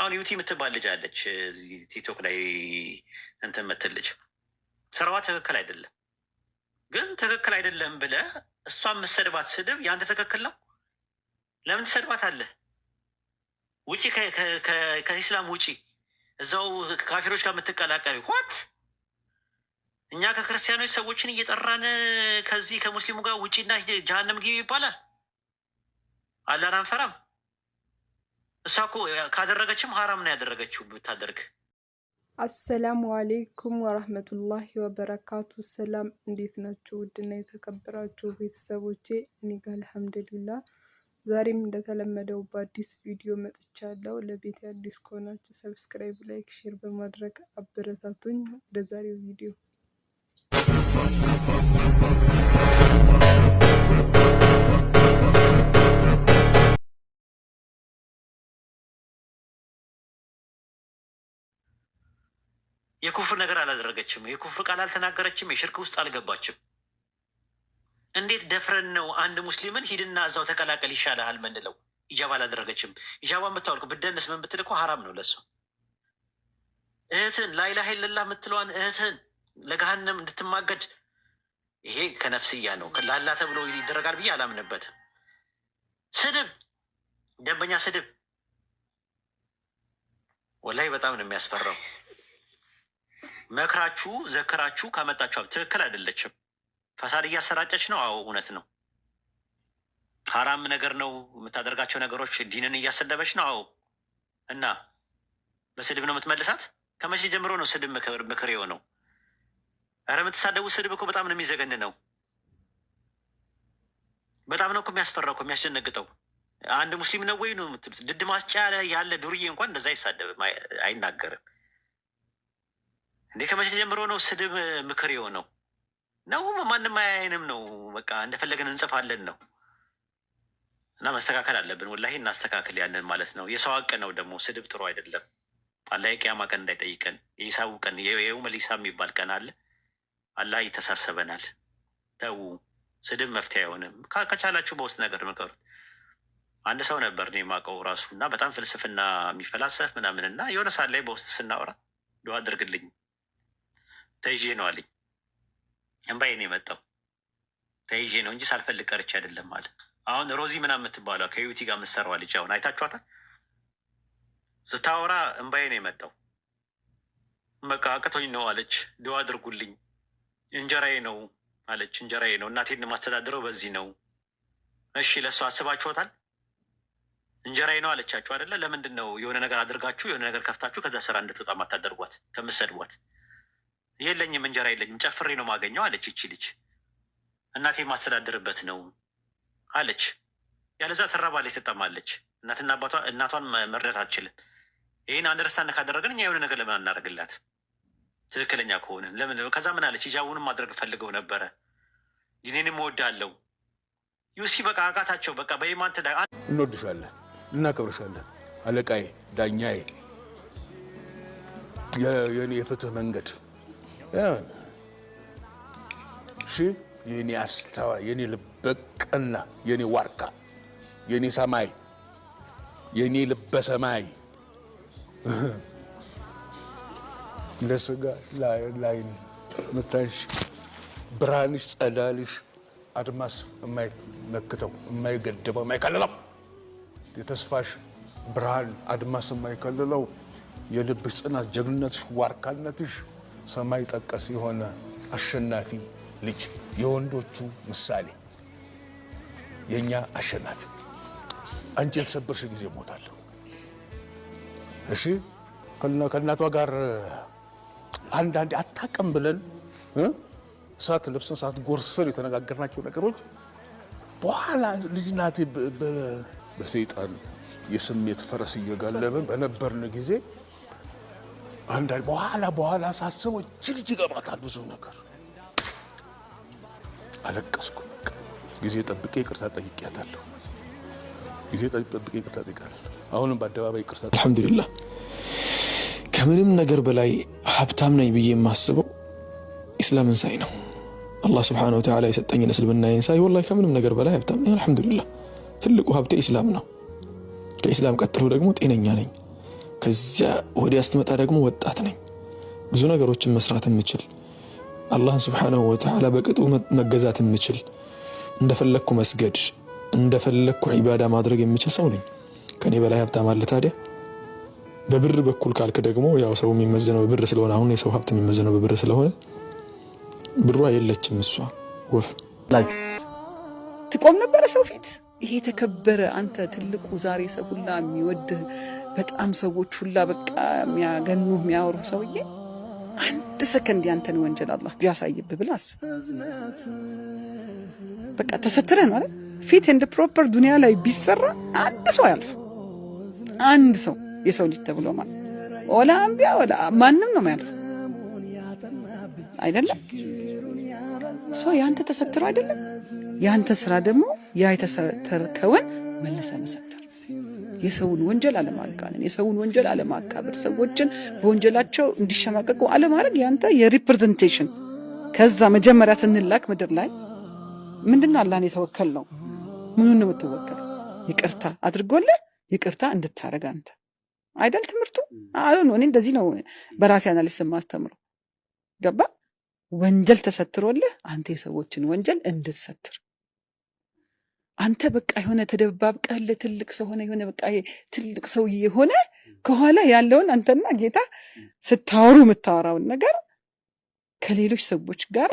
አሁን ዩቲ የምትባል ልጅ አለች ቲክቶክ ላይ እንትን የምትል ልጅ ስራዋ ትክክል አይደለም፣ ግን ትክክል አይደለም ብለ እሷ የምትሰድባት ስድብ የአንተ ትክክል ነው። ለምን ትሰድባት አለ ውጪ፣ ከኢስላም ውጪ እዛው ካፊሮች ጋር የምትቀላቀል ት እኛ ከክርስቲያኖች ሰዎችን እየጠራን ከዚህ ከሙስሊሙ ጋር ውጪና ጃሃንም ግቢ ይባላል። አላህን አንፈራም። እሷ እኮ ካደረገችም ሀራም ነው ያደረገችው ብታደርግ። አሰላሙ አሌይኩም ወራህመቱላሂ ወበረካቱ። ሰላም እንዴት ናችሁ? ውድና የተከበራችሁ ቤተሰቦቼ እኔ ጋ አልሐምዱሊላ። ዛሬም እንደተለመደው በአዲስ ቪዲዮ መጥቻለሁ። ለቤት አዲስ ከሆናችሁ ሰብስክራይብ፣ ላይክ፣ ሼር በማድረግ አበረታቱኝ። ወደ ዛሬው ቪዲዮ የኩፍር ነገር አላደረገችም። የኩፍር ቃል አልተናገረችም። የሽርክ ውስጥ አልገባችም። እንዴት ደፍረን ነው አንድ ሙስሊምን ሂድና እዛው ተቀላቀል ይሻልሃል ምንለው? ኢጃባ አላደረገችም። ኢጃባ የምታወልቁ ብደንስ ምን ብትል እኮ ሀራም ነው ለሱ። እህትን ላይላህ ለላ የምትለዋን እህትን ለገሃነም እንድትማገድ ይሄ ከነፍስያ ነው ላላ ተብሎ ይደረጋል ብዬ አላምንበትም። ስድብ፣ ደንበኛ ስድብ ወላይ በጣም ነው የሚያስፈራው። መክራችሁ ዘክራችሁ ካመጣችሁ ትክክል አይደለችም። ፈሳድ እያሰራጨች ነው። አዎ እውነት ነው። ሀራም ነገር ነው የምታደርጋቸው ነገሮች። ዲንን እያሰደበች ነው። አዎ እና በስድብ ነው የምትመልሳት። ከመቼ ጀምሮ ነው ስድብ ምክር የሆነው? ኧረ የምትሳደቡ ስድብ እኮ በጣም ነው የሚዘገን ነው። በጣም ነው እኮ የሚያስፈራው እኮ የሚያስደነግጠው። አንድ ሙስሊም ነው ወይ ነው የምትሉት? ድድ ማስጫ ያለ ዱርዬ እንኳን እንደዛ አይሳደብም፣ አይናገርም። እንዴ ከመቼ ጀምሮ ነው ስድብ ምክር የሆነው? ነው ማንም አያየንም ነው በቃ እንደፈለግን እንጽፋለን ነው። እና መስተካከል አለብን። ወላሂ እናስተካክል ያለን ማለት ነው። የሰው ሀቅ ነው ደግሞ ስድብ ጥሩ አይደለም። አላህ የቅያማ ቀን እንዳይጠይቀን የሂሳቡ ቀን የውመ ሊሳ የሚባል ቀን አለ። አላህ ይተሳሰበናል። ተዉ ስድብ መፍትሄ አይሆንም። ከቻላችሁ በውስጥ ነገር ምከሩት። አንድ ሰው ነበር እኔ የማውቀው ራሱ እና በጣም ፍልስፍና የሚፈላሰፍ ምናምን እና የሆነ ሰዓት ላይ በውስጥ ስናወራ ዱዓ አድርግልኝ ተይዤ ነው አለኝ። እምባዬ ነው የመጣው ተይዤ ነው እንጂ ሳልፈልግ ቀርቼ አይደለም አለ። አሁን ሮዚ ምናምን የምትባለው ከዩቲ ጋር የምትሰራዋ ልጅ አሁን አይታችኋታል። ስታወራ እምባዬ ነው የመጣው። በቃ አቅቶኝ ነው አለች። ድ አድርጉልኝ እንጀራዬ ነው አለች። እንጀራዬ ነው እናቴን ማስተዳድረው በዚህ ነው። እሺ ለእሱ አስባችኋታል? እንጀራዬ ነው አለቻችሁ አይደለ? ለምንድን ነው የሆነ ነገር አድርጋችሁ የሆነ ነገር ከፍታችሁ ከዛ ስራ እንድትወጣ ማታደርጓት ከምሰድቧት የለኝም እንጀራ የለኝም ጨፍሬ ነው ማገኘው አለች። ይቺ ልጅ እናቴ የማስተዳድርበት ነው አለች። ያለዛ ትራባለች፣ ትጠማለች። እናትና አባቷ እናቷን መርዳት አትችልም። ይህን አንደርስታንድ ካደረግን እኛ የሆነ ነገር ለምን አናደርግላት? ትክክለኛ ከሆነ ለምን ከዛ ምን አለች? ሂጃቡንም ማድረግ ፈልገው ነበረ ይኔንም እወዳለሁ። ዩሲ በቃ አቃታቸው። በቃ በኢማን ተዳ እንወድሻለን፣ እናከብርሻለን፣ አለቃዬ፣ ዳኛዬ፣ የፍትህ መንገድ እሺ የኔ አስተዋይ፣ የኔ ልበቀና፣ የኔ ዋርካ፣ የኔ ሰማይ፣ የኔ ልበሰማይ ለስጋ ላይን ምታሽ ብርሃንሽ፣ ጸዳልሽ አድማስ የማይመክተው የማይገድበው የማይከልለው የተስፋሽ ብርሃን አድማስ የማይከልለው የልብሽ ጽናት፣ ጀግንነትሽ፣ ዋርካነትሽ ሰማይ ጠቀስ የሆነ አሸናፊ ልጅ የወንዶቹ ምሳሌ የእኛ አሸናፊ አንቺ የተሰበርሽ ጊዜ ሞታለሁ። እሺ ከእናቷ ጋር አንዳንዴ አታቀም ብለን ሳት ለብሰን ሳት ጎርሰን የተነጋገርናቸው ነገሮች በኋላ ልጅናቴ በሰይጣን የስሜት ፈረስ እየጋለበን በነበርን ጊዜ አንዳንድ በኋላ በኋላ ሳስበው ጅልጅ ይገባታል ብዙ ነገር አለቀስኩ። ጊዜ ጠብቄ ይቅርታ ጠይቄያታለሁ። ጊዜ ጠብቄ ይቅርታ ጠይቃለሁ። አሁንም በአደባባይ ይቅርታ አልሐምዱሊላህ። ከምንም ነገር በላይ ሀብታም ነኝ ብዬ የማስበው ኢስላምን ሳይ ነው። አላህ ስብሓነሁ ወተዓላ የሰጠኝን እስልምናዬን ሳይ ወላሂ ከምንም ነገር በላይ ሀብታም ነኝ። አልሐምዱሊላህ። ትልቁ ሀብቴ ኢስላም ነው። ከኢስላም ቀጥሎ ደግሞ ጤነኛ ነኝ። ከዚያ ወዲያ ስትመጣ ደግሞ ወጣት ነኝ፣ ብዙ ነገሮችን መስራት የምችል አላህን ስብሓነሁ ወተዓላ በቅጡ መገዛት የምችል እንደፈለግኩ መስገድ እንደፈለግኩ ዒባዳ ማድረግ የምችል ሰው ነኝ። ከኔ በላይ ሀብታም አለ ታዲያ? በብር በኩል ካልክ ደግሞ ያው ሰው የሚመዘነው በብር ስለሆነ አሁን የሰው ሀብት የሚመዘነው በብር ስለሆነ ብሯ የለችም እሷ ወፍ ትቆም ነበረ ሰው ፊት። ይሄ የተከበረ አንተ ትልቁ ዛሬ ሰው ሁላ የሚወድህ በጣም ሰዎች ሁላ በቃ የሚያገኑ የሚያወሩ ሰውዬ አንድ ሰከንድ ያንተን ወንጀል አላህ ቢያሳይብህ ብለህ አስብ። በቃ ተሰትረህ ነው አይደል? ፊት ኤንድ ፕሮፐር ዱንያ ላይ ቢሰራ አንድ ሰው ያልፍ፣ አንድ ሰው የሰው ልጅ ተብሎ ማለት ወላ አንቢያ ወላ ማንም ነው ያልፍ አይደለም። ሶ ያንተ ተሰትሮ አይደለም ያንተ ስራ ደግሞ ያ የተሰተርከውን መልሰ መሰከረ። የሰውን ወንጀል አለማጋነን፣ የሰውን ወንጀል አለማካበድ፣ ሰዎችን በወንጀላቸው እንዲሸማቀቁ አለማድረግ ያንተ የሪፕሬዘንቴሽን ከዛ መጀመሪያ ስንላክ ምድር ላይ ምንድን ነው አላህን የተወከል ነው። ምኑን ነው የምትወከል? ይቅርታ አድርጎልህ ይቅርታ እንድታደረግ አንተ አይደል ትምህርቱ አሉ እኔ እንደዚህ ነው በራሴ አናሊስ ማስተምሮ ገባ። ወንጀል ተሰትሮልህ አንተ የሰዎችን ወንጀል እንድትሰትር አንተ በቃ የሆነ ተደባብቀህለት ትልቅ ሰው ሆነ የሆነ በቃ ትልቅ ሰውዬ የሆነ ከኋላ ያለውን አንተና ጌታ ስታወሩ የምታወራውን ነገር ከሌሎች ሰዎች ጋር